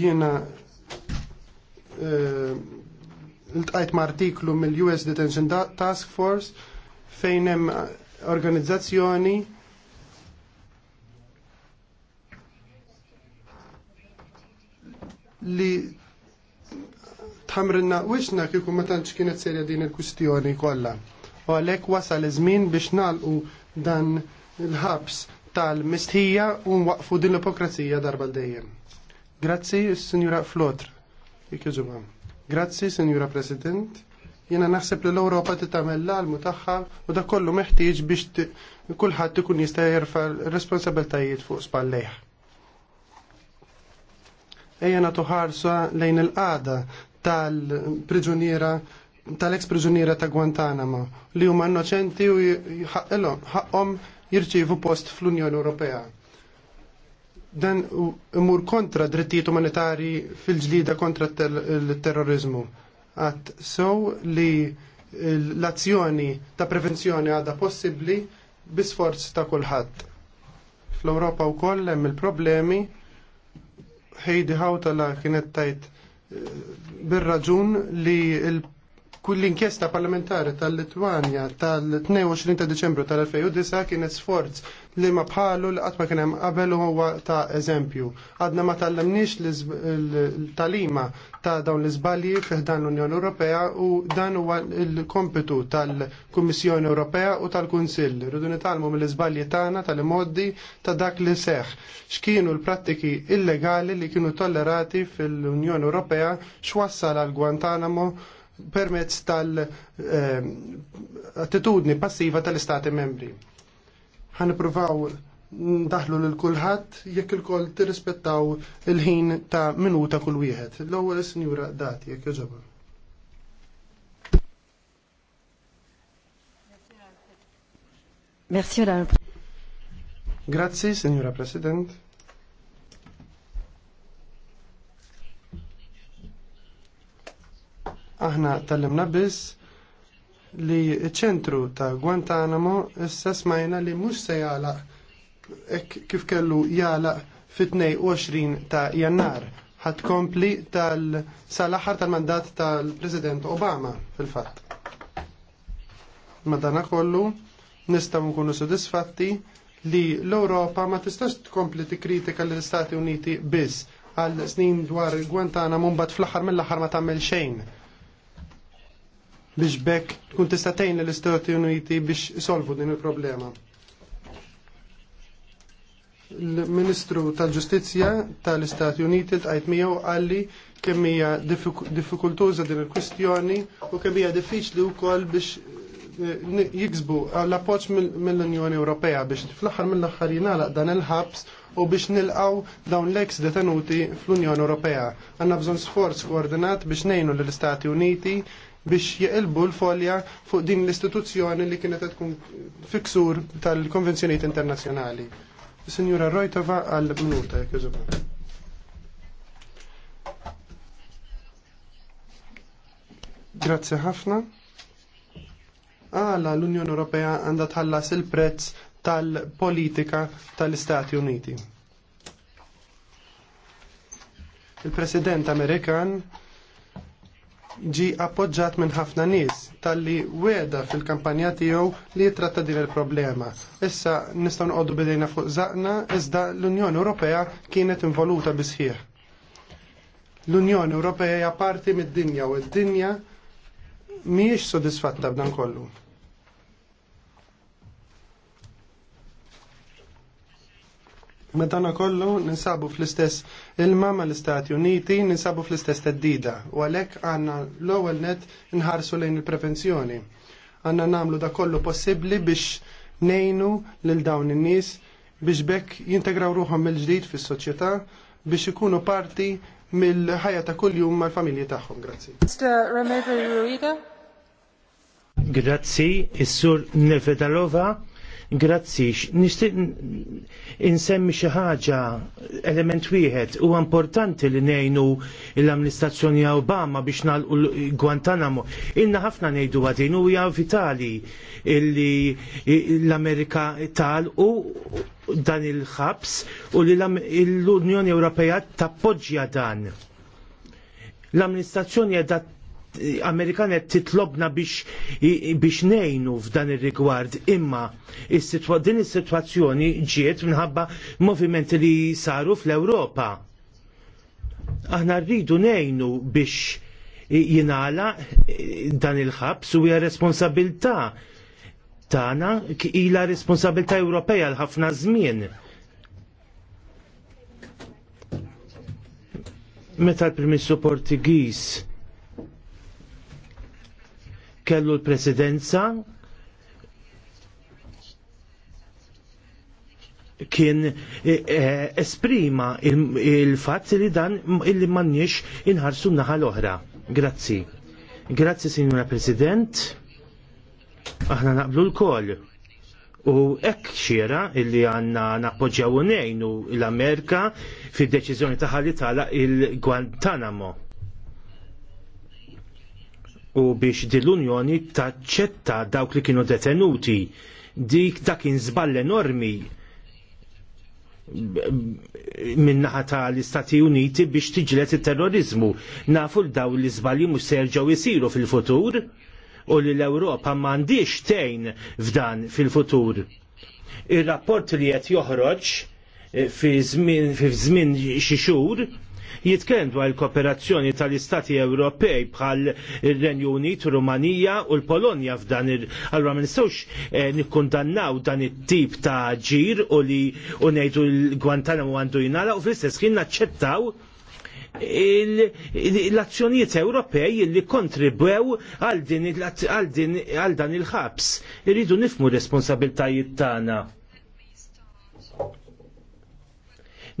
Speaker 3: jina eh, l-tqajt ma' artiklu mill-US Detention Task Force fejnem organizzazzjoni li tħamrilna wiċna kieku ma tantx kienet serja din il-kwistjoni kollha. U għalhekk wasal iż-żmien biex nalqu dan il-ħabs tal-mistħija u nwaqfu din l-ipokrazija darba dejjem. Grazzi, Sinjura Flotr. Ikkeġuba. Grazzi, Sinjura President. Jena naħseb li l europa titamel l-almu tagħha u da kollu meħtieġ biex kulħadd ikun jista' jerfa' responsabiltajiet fuq spallejħ. ejja natu ħarsa lejn il-qada tal-priġuniera tal-ex priġuniera ta' Guantanamo li huma innoċenti u ħaqhom jirċievu post fl-Unjoni Ewropea. Dan imur kontra drittijiet umanitarji fil-ġlida kontra il terrorizmu Għat sew li l-azzjoni ta' prevenzjoni għadha possibbli bisforz ta' kulħadd. Fl-Ewropa wkoll hemm il-problemi ħawta la kienet tajt bil raġun li l Kull inkjesta parlamentari tal-Litwanja tal-22 ta' Deċembru tal-2009 kienet sforz li ma bħalu li qatt ma kien hemm qabel huwa ta' eżempju. Għadna ma tallemniex l-talima ta' dawn l-iżbalji fih dan l-Unjoni Ewropea u dan huwa l-kompitu tal-Kummissjoni Ewropea u tal-Kunsill. Rridu nitalmu mill-iżbalji tagħna tal-imoddi ta' dak li seħ. X'kienu l-prattiki illegali li kienu tollerati fil-Unjoni Ewropea x'wassal għal Guantanamo permezz tal-attitudni ehm, passiva tal-istati membri. Ħanipruvaw ndaħlu lil kulħadd jekk il tirrispettaw il-ħin ta' minuta kull wieħed. L-ewwel sinjura Dati jekk jogħġobha. Merci, Grazie, Signora President. Aħna tallimna biss li ċentru ta' Guantanamo issa smajna li mhux se jagħlaq kif kellu jala fit-22 ta' jannar ħat kompli tal salaħar tal-mandat tal-President Obama fil-fatt. Madana kollu nistgħu nkunu sudisfatti li l-Ewropa ma tistax tkompli tikkritika l-Istati Uniti biss għal snin dwar Guantanamo mbagħad fl-aħħar mill-aħħar ma tagħmel xejn biex bekk tkun tista' tgħin l-Istati Uniti biex isolvu din il-problema. Il-Ministru tal-Ġustizzja tal-Istati Uniti tqajt miegħu qalli kemm hija diffikultuża din il-kwistjoni u kemm hija diffiċli wkoll biex eh, jiksbu l-appoġġ mill-Unjoni Ewropea biex fl-aħħar mill-aħħar jingħalaq dan il-ħabs u biex nilqaw dawn l-eks detenuti fl-Unjoni Ewropea. Għandna bżonn sforz koordinat biex ngħinu lill istati Uniti biex jeqilbu l-folja fuq din l-istituzzjoni li kienet tkun fiksur tal-konvenzjoniet internazzjonali. Signora Rojtova għal minuta jekk jużu. Grazie ħafna. Għala l-Unjoni Ewropea għandha tħallas il-prezz tal-politika tal-Istati Uniti. Il-President Amerikan ġi appoġġat minn ħafna nies talli weda fil-kampanja tiegħu li jitratta din il-problema. Issa nistgħu noqogħdu bidejna fuq żaqna iżda l-Unjoni Ewropea kienet involuta bisħieħ. L-Unjoni Ewropea hija parti mid-dinja u d-dinja mhijiex sodisfatta b'dan kollu. Madana kollu ninsabu fl-istess ilma ma l-Istati Uniti, ninsabu fl-istess teddida, u għalek għanna l-ewwel net nħarsu lejn il-prevenzjoni. Għanna namlu da kollu possibli biex nejnu lil dawn in-nies biex bekk jintegraw ruħom mill-ġdid fis-soċjetà biex ikunu parti mill-ħajja ta' kuljum mal-familji tagħhom. Grazzi.
Speaker 4: Grazzi, is-sur Nevedalova. Grazzi, nishtiq insemmi xi ħaġa element wieħed u importanti li ngħinu l-amministrazzjoni Obama biex nagħlqu Guantanamo. Inna ħafna ngħidu għadin u hija vitali li l-Amerika talqu dan il-ħabs u li l-Unjoni Ewropea tappoġġja dan. L-amministrazzjoni qiegħda Amerikan titlobna biex biex nejnu f'dan ir-rigward imma din is-sitwazzjoni ġiet minħabba movimenti li saru fl-Ewropa. Aħna rridu nejnu biex jinala dan il-ħabs u hija responsabilità tagħna ilha responsabilità Ewropea l ħafna żmien. Meta l-Primissu Portigiż kellu l-presidenza kien eh, eh, esprima il-fatt li dan illi mannix inħarsu naħa l-oħra. Grazzi. Grazzi, Signora President. Aħna naqblu l-koll. U ekk xiera illi għanna nappoġġjaw nejnu l-Amerika fid-deċiżjoni taħħa li tala il-Guantanamo u biex din l-Unjoni taċċetta dawk li kienu detenuti. Dik dak kien żball enormi minnaħa ta' l-Istati Uniti biex tiġlet il-terrorizmu. Nafu l-daw li zballi mux serġaw jisiru fil-futur u li l-Europa mandiex tejn f'dan fil-futur. Il-rapport li jett joħroġ eh, fi żmien xi xhur Jitkend dwar il-kooperazzjoni tal-Istati Ewropej bħal ir-Renju Unit, Rumanija u l-Polonja f'dan ir Allura ma nistgħux eh, nikkundannaw dan it-tip ta' ġir u li u ngħidu l-Guantanamo għandu jingħalaq u fl-istess ħin naċċettaw l-azzjonijiet Ewropej li kontribwew għal dan il-ħabs. Irridu nifmu responsabiltajiet tagħna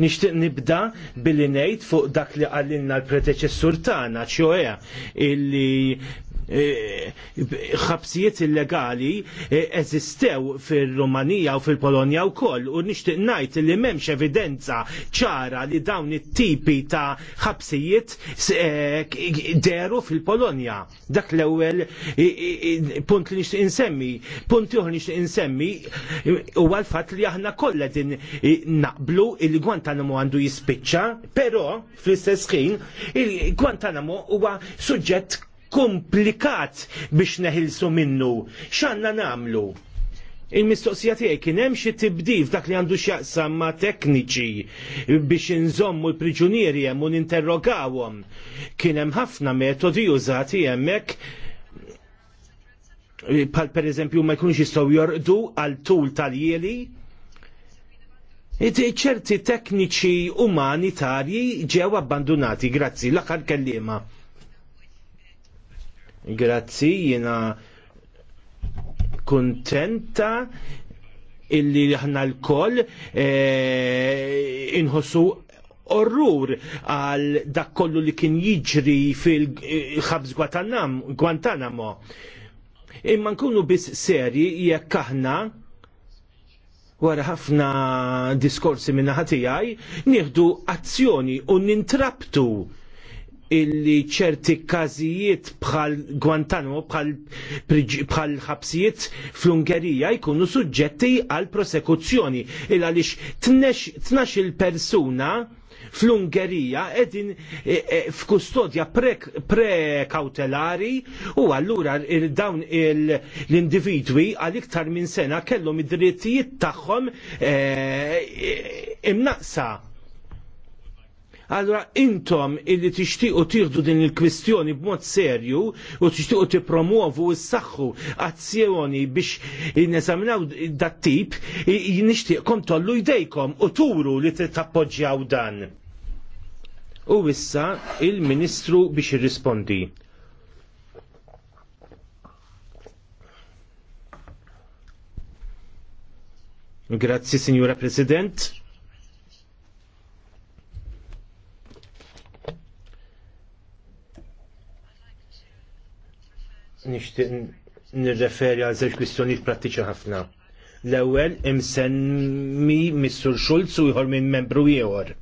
Speaker 4: Nixtieq nibda billi ngħid fuq dak li għallilna l-predeċessur tagħna ċoja illi E, ħabsijiet illegali e, eżistew fil-Rumanija u fil-Polonja u koll u nishtiq najt li memx evidenza ċara li dawn it-tipi ta' ħabsijiet e, deru fil-Polonja. Dak l ewwel punt li nishtiq insemmi, punt juħ nishtiq insemmi u għal-fat li aħna kollha din naqblu il-Guantanamo għandu jispiċċa, pero fl-istess ħin il-Guantanamo huwa suġġett komplikat biex neħilsu minnu. X'għandna nagħmlu? Il-mistoqsija tiegħi kien hemm xi tibdil dak li għandu x'jaqsam ma' tekniċi biex inżommu l-priġunieri hemm u ninterrogawhom. Kien hemm ħafna metodi użati hemmhekk bħal pereżempju ma jkunx jistgħu jorqdu għal tul tal-jieli. ċerti tekniċi umanitarji ġew abbandonati, grazzi, l-aħħar kellima. Grazzi, jina kontenta illi ħna l-koll eh, inħossu orrur għal dak kollu li kien jiġri fil-ħabs Guantanamo. Imma nkunu biss seri jekk aħna wara ħafna diskorsi minna ħatijaj, nieħdu azzjoni u nintraptu illi ċerti każijiet bħal Guantanamo, bħal ħabsijiet fl-Ungerija jkunu suġġetti għal prosekuzzjoni. Il għaliex tnax il-persuna fl-Ungerija edin e, e, f'kustodja prekautelari u allura dawn l-individwi għal iktar minn sena kellhom id-drittijiet tagħhom e, imnaqsa Allora intom illi tixtiqu tieħdu din il-kwistjoni b'mod serju u tixtiqu tippromuovu u s saxhu azzjoni biex nesaminaw dat-tip, nixtieqkom tollu jdejkom u turu li tappoġġjaw dan. U issa il-Ministru biex irrispondi. Grazzi, Signora President nixtieq nirreferi għal żewġ kwistjonijiet prattiċi ħafna. L-ewwel imsemmi Mr. Schulz u ieħor minn membru ieħor.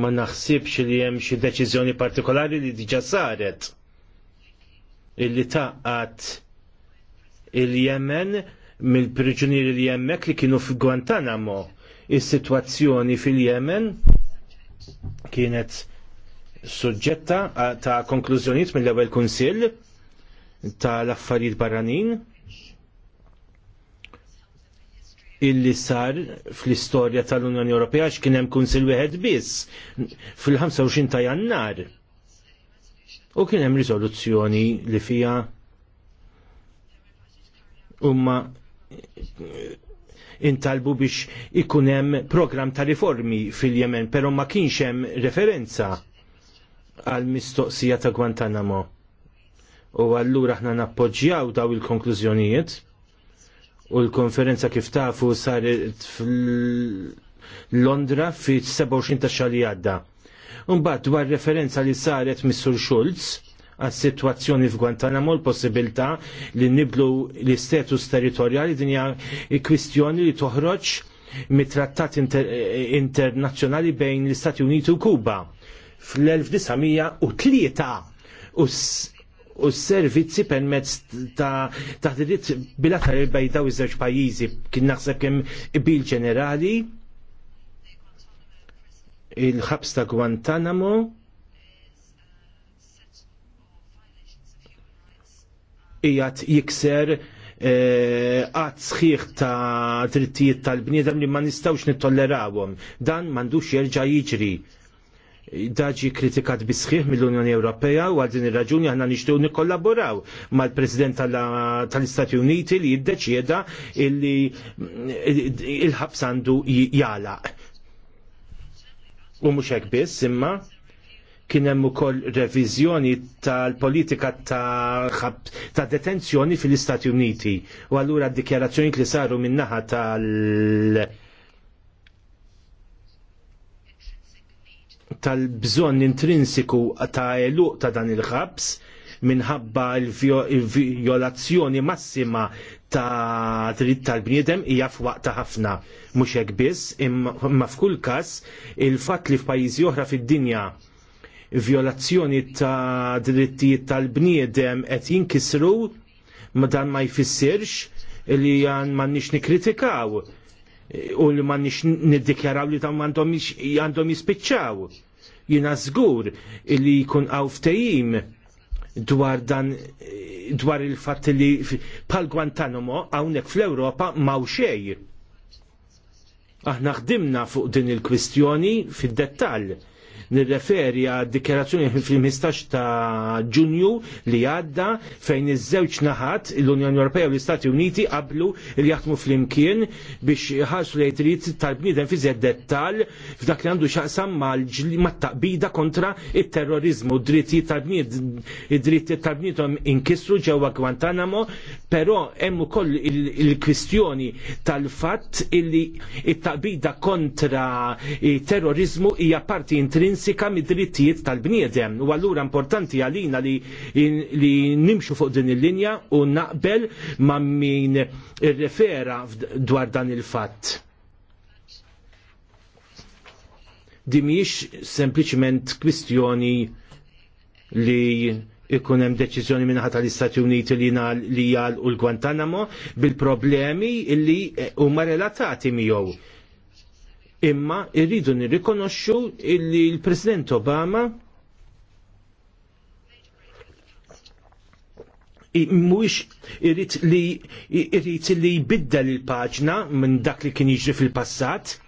Speaker 4: ma naħsibx li hemm xi deċiżjoni partikolari li diġà saret illi taqgħat il-Jemen mill-priġunieri li hemmhekk li kienu f'Guantanamo Is-sitwazzjoni fil-Jemen kienet suġġetta ta' konklużjonijiet mill-ewwel kunsill tal-affarijiet barranin illi sar fl-istorja tal-Unjoni Ewropea x'kien hemm kunsill wieħed biss fil-25 ta' Jannar. U kien hemm riżoluzzjoni li fija huma intalbu biex ikun hemm ta' riformi fil-Jemen, però ma kienx hemm referenza għal mistoqsija ta' Guantanamo. U allura aħna nappoġġjaw daw il-konklużjonijiet u l-konferenza kif tafu saret fil-Londra fit 27 ta' xali għadda. Umbat dwar referenza li saret Mr. Schultz għas situazzjoni f'Guantanamo l-possibilità li niblu l-istatus territorjali din hija kwistjoni li toħroġ mit-trattat inter internazzjonali bejn l-Istati Uniti u Kuba fl-1903 u s-servizzi permezz ta' taħdiet bilaterali bejn daw iż-żewġ pajjiżi kien naħseb kemm bil ġenerali il-ħabs ta' Guantanamo ijat jikser eh, għad sħiħ ta' drittijiet tal-bniedem li ma nistawx nittollerawhom. Dan m'għandux jerġa' jiġri. Daġi kritikat bisħiħ mill-Unjoni Ewropea u għal din ir-raġuni aħna nixtiew nikkollaboraw mal-President tal-Istati Uniti li jiddeċieda illi il-ħabs għandu jala. U mhux hekk biss imma kien hemm ukoll reviżjoni tal-politika ta', ta detenzjoni fil-Istati Uniti. U allura d-dikjarazzjoni li saru min-naħa tal- tal-bżonn intrinsiku ta' eluq ta' dan il-ħabs minħabba il-violazzjoni massima ta' dritt tal-bniedem hija f'waqta ħafna. Mhux hekk biss, imma f'kull każ il-fatt li f'pajjiżi oħra fid-dinja violazzjoni ta' drittijiet tal-bniedem qed jinkisru ma dan ma jfissirx li għan m'għandniex nikkritikaw u li m'għandniex niddikjaraw li tam għandhom jispiċċaw. Jiena żgur li jkun għaw ftehim dwar dan dwar il-fatt li pal Guantanamo hawnhekk fl-Ewropa maw xej. aħna ħdimna fuq din il-kwistjoni fid-dettall nirreferi għad dikjerazzjoni fil-15 ta' ġunju li għadda fejn iż-żewġ naħat l-Unjoni Ewropea u l-Istati Uniti qablu li jaħdmu fl-imkien biex ħarsu li jtrid tal-bniedem fi dettal f'dak li għandu xaqsam mat-taqbida kontra il-terrorizmu, dritti tal-bniedem, dritti tal-bniedem inkisru ġewwa Guantanamo, però hemm ukoll il-kwistjoni tal-fatt illi it-taqbida kontra terrorizmu hija parti intrinsi intrinsika mid-drittijiet tal-bniedem. U allura importanti għalina li, li nimxu fuq din il-linja u naqbel ma' min il-refera dwar dan il-fatt. Dimiex sempliciment kwistjoni li ikun hemm deċiżjoni ħata tal-Istati Uniti li jgħal li jgħal u l-Guantanamo bil-problemi li huma relatati miegħu Imma irridu nirrikonoxxu illi l-President Obama mhuwiex irrid li irrid li jbiddel il-paġna minn dak li kien jiġri fil-passat.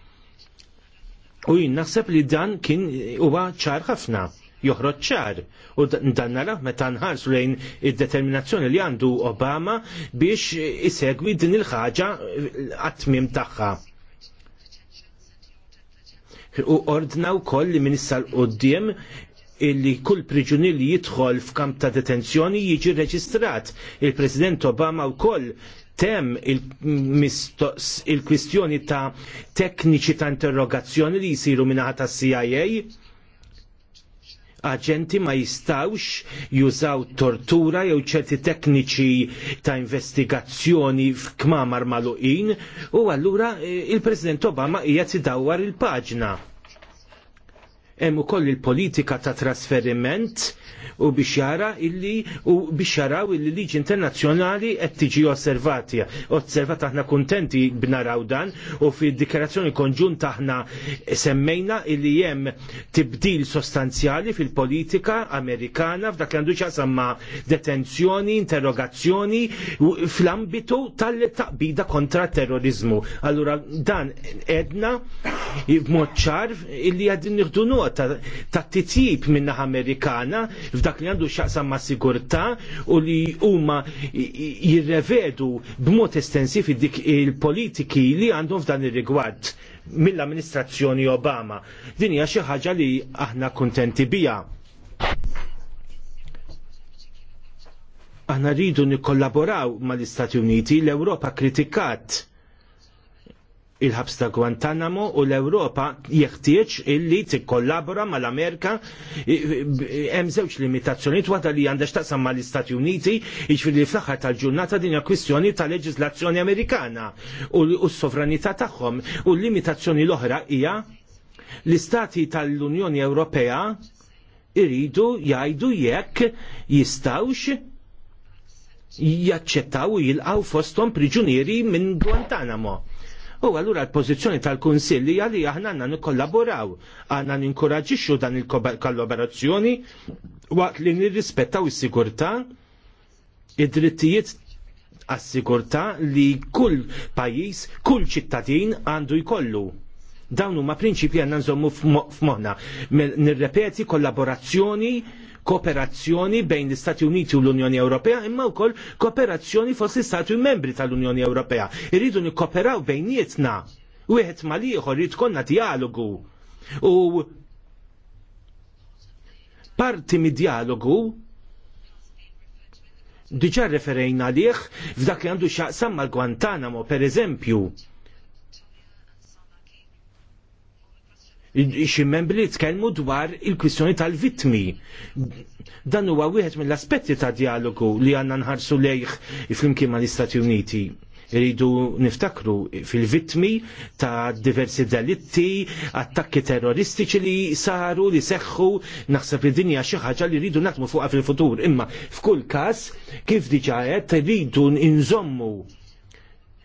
Speaker 4: U jien naħseb li dan kien huwa ċar ħafna joħroġ ċar. U dan nara meta nħarsu lejn id-determinazzjoni li għandu Obama biex isegwi din il-ħaġa għat-tmim tagħha u ordnaw wkoll li minn l-qoddim illi kull priġunier li jidħol f'kamp ta' detenzjoni jiġi reġistrat. Il-President Obama wkoll tem il-kwistjoni il ta' tekniċi ta' interrogazzjoni li jisiru minnaħat ta' CIA aġenti ma jistawx jużaw tortura jew ċerti tekniċi ta' investigazzjoni f'kmamar maluqin u allura eh, il-President Obama qiegħed idawwar il-paġna hemm ukoll il-politika ta' trasferiment u biex jara illi u biex jaraw illi liġi internazzjonali qed tiġi osservati. Osservata aħna kuntenti b'naraw dan u fid-dikjarazzjoni konġunta aħna semmejna illi hemm tibdil sostanzjali fil-politika Amerikana f'dak li għandu ma' detenzjoni, interrogazzjoni fl-ambitu tal-taqbida kontra terrorizmu. Allura dan edna b'mod ċar illi għadin nieħdu ta' t-tip minna Amerikana f'dak li għandu xaqsa ma' sigurtà u li huma jirrevedu b'mod estensiv dik il-politiki li għandhom f'dan ir-rigward mill-amministrazzjoni Obama. Din hija xi ħaġa li aħna kuntenti biha. Aħna rridu nikkollaboraw mal-Istati Uniti, l-Ewropa kritikat il-ħabs ta' Guantanamo u l-Ewropa jeħtieġ illi tikkollabora mal-Amerika hemm żewġ limitazzjonijiet waħda li għandha x'taqsam mal-Istati Uniti, jiġifieri fl-aħħar tal-ġurnata din hija kwistjoni tal leġiżlazzjoni Amerikana u s-sovranità tagħhom u l-limitazzjoni l-oħra hija l-Istati tal-Unjoni Ewropea iridu jgħidu jekk jistawx jaċċettaw jilqaw fosthom priġunieri minn Guantanamo U allura l-pożizzjoni tal-Kunsill hija li aħna għandna nikkollaboraw, għandna ninkoraġixxu dan il-kollaborazzjoni waqt li nirrispettaw is-sigurtà id-drittijiet għas-sigurtà li kull pajjiż, kull ċittadin għandu jkollu dawn huma prinċipji għandna nżommu f'moħħna. Nirrepeti kollaborazzjoni kooperazzjoni bejn l-Istati Uniti u l-Unjoni Ewropea imma wkoll kooperazzjoni fost l-Istati membri tal-Unjoni Ewropea. Irridu nikkoperaw bejnietna. Wieħed mal ieħor jrid konna dialogu. U parti mid-dialogu diġa referejna liħ f'dak li għandu xaqsam mal Guantanamo, per eżempju, xi membri tkellmu dwar il-kwistjoni tal-vittmi. Dan huwa wieħed mill-aspetti ta' dialogu li għandna nħarsu lejh flimkien mal-Istati Uniti. Iridu niftakru fil-vittmi ta' diversi delitti, attakki terroristiċi li saru, li seħħu, naħseb li dinja xi ħaġa li rridu naħdmu fuqha fil-futur. Imma f'kull każ kif diġa qed irridu nżommu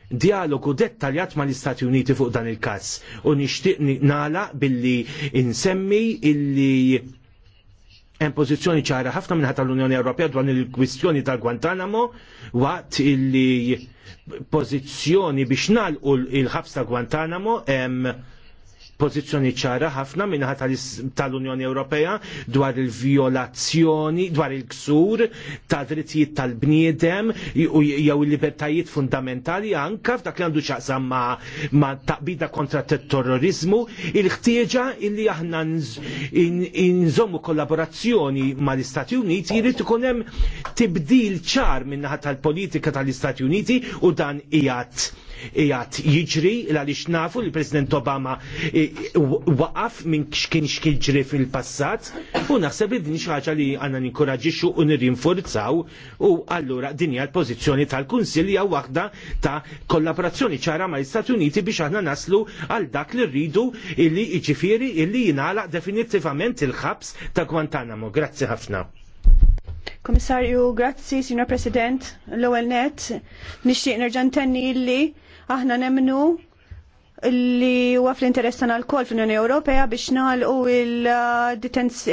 Speaker 4: dialogu dettaljat ma l-Istati Uniti fuq dan il-kas u nixtieq nala billi insemmi illi hemm pożizzjoni ċara ħafna minn tal-Unjoni Ewropea dwar il-kwistjoni tal-Guantanamo waqt illi pożizzjoni biex nalqu il-ħabs ta' Guantanamo hemm pożizzjoni ċara ħafna minnaħa tal-Unjoni Ewropea dwar il-violazzjoni, dwar il-ksur ta' drittijiet tal-bniedem jew il-libertajiet fundamentali anka f'dak li għandu ċaqsam ma', ma taqbida kontra terrorizmu, il-ħtieġa illi aħna nżommu kollaborazzjoni mal-Istati Uniti jrid ikun hemm tibdil ċar minnaħa tal-politika tal-Istati Uniti u dan qiegħed jgħat jiġri għaliex nafu li President Obama waqaf minn xkien xkiġri fil-passat u naħseb li din xi ħaġa li għandna ninkoraġixxu u nirrinforzaw u allura din hija l-pożizzjoni tal-Kunsill hija waħda ta' kollaborazzjoni ċara l-Istat Uniti biex aħna naslu għal dak li rridu illi jiġifieri illi jingħalaq definitivament il-ħabs ta' Guantanamo. Grazzi ħafna.
Speaker 5: Komissarju, grazzi, Signor President, l-ewwel net, nixtieq nerġa' ntenni illi Aħna nemnu li huwa fl-interess tagħna l-koll fl-Unjoni Ewropea biex nagħlqu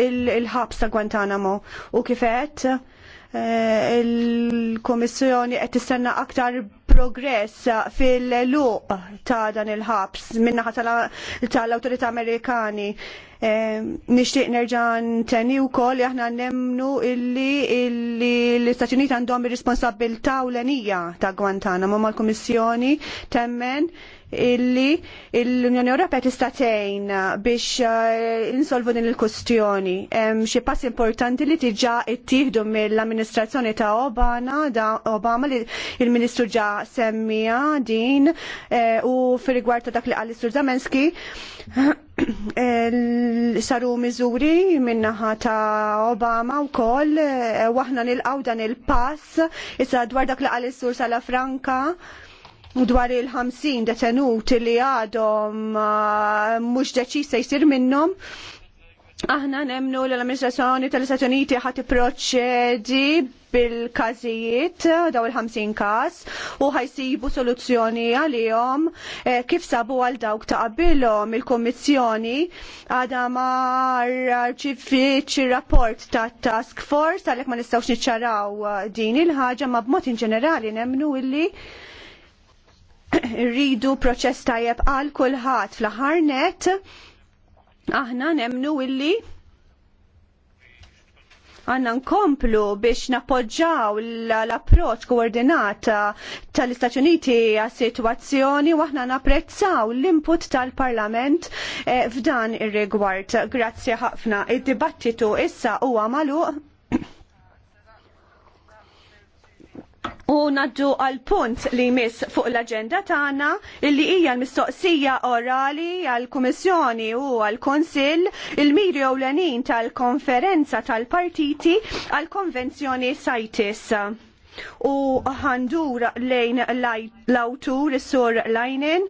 Speaker 5: il-ħabs ta' Guantanamo u kifet eh, il-Komissjoni qed tistenna aktar progress fil-luq ta' dan il-ħabs minnaħa tal-Awtorità Amerikani. Nixtieq nerġa' nteni wkoll li aħna nemnu illi l-Istati Uniti għandhom ir l ewlenija ta' Guantanamo mal-Kummissjoni temmen illi l-Unjoni Ewropea tista' tgħin biex eh, insolvu din il-kustjoni. Hemm xi pass importanti li tiġà ttieħdu mill-amministrazzjoni ta' Obama, da Obama li il-Ministru ġa semmija din eh, u fir-rigward ta' dak li qal sur Zamenski eh, saru miżuri minnaħa ta' Obama u koll, waħna nil dan il-pass, issa dwar dak li qal sur sala Franka, dwar il-50 detenut li għadhom uh, mhux deċis se jsir minnhom. Aħna nemnu l-amministrazzjoni tal-Istati Uniti ħat proċedi bil-każijiet daw il-50 każ u ħajsibu soluzzjoni għalihom eh, kif sabu għal dawk ta' qabilhom il-Kummissjoni għadha mar ċifiċi rapport ta' task force għalhekk ma nistgħux niċċaraw eh, din il-ħaġa ma b'mod in ġenerali nemnu illi rridu proċess tajjeb għal kulħadd fl-aħħar net aħna nemnu illi għanna nkomplu biex napoġġaw l-approċ koordinata tal-Istati Uniti għas situazzjoni u aħna napprezzaw l-input tal-Parlament eh, f'dan ir-rigward. Grazzi ħafna. Id-dibattitu issa huwa magħluq. U naddu għal punt li jmiss fuq l-agenda tagħna illi hija l-mistoqsija orali għal kummissjoni u għal konsil il-miri ewlenin tal-konferenza tal-partiti għal konvenzjoni CITES. U ħandur lejn l-awtur is-sur Lajnen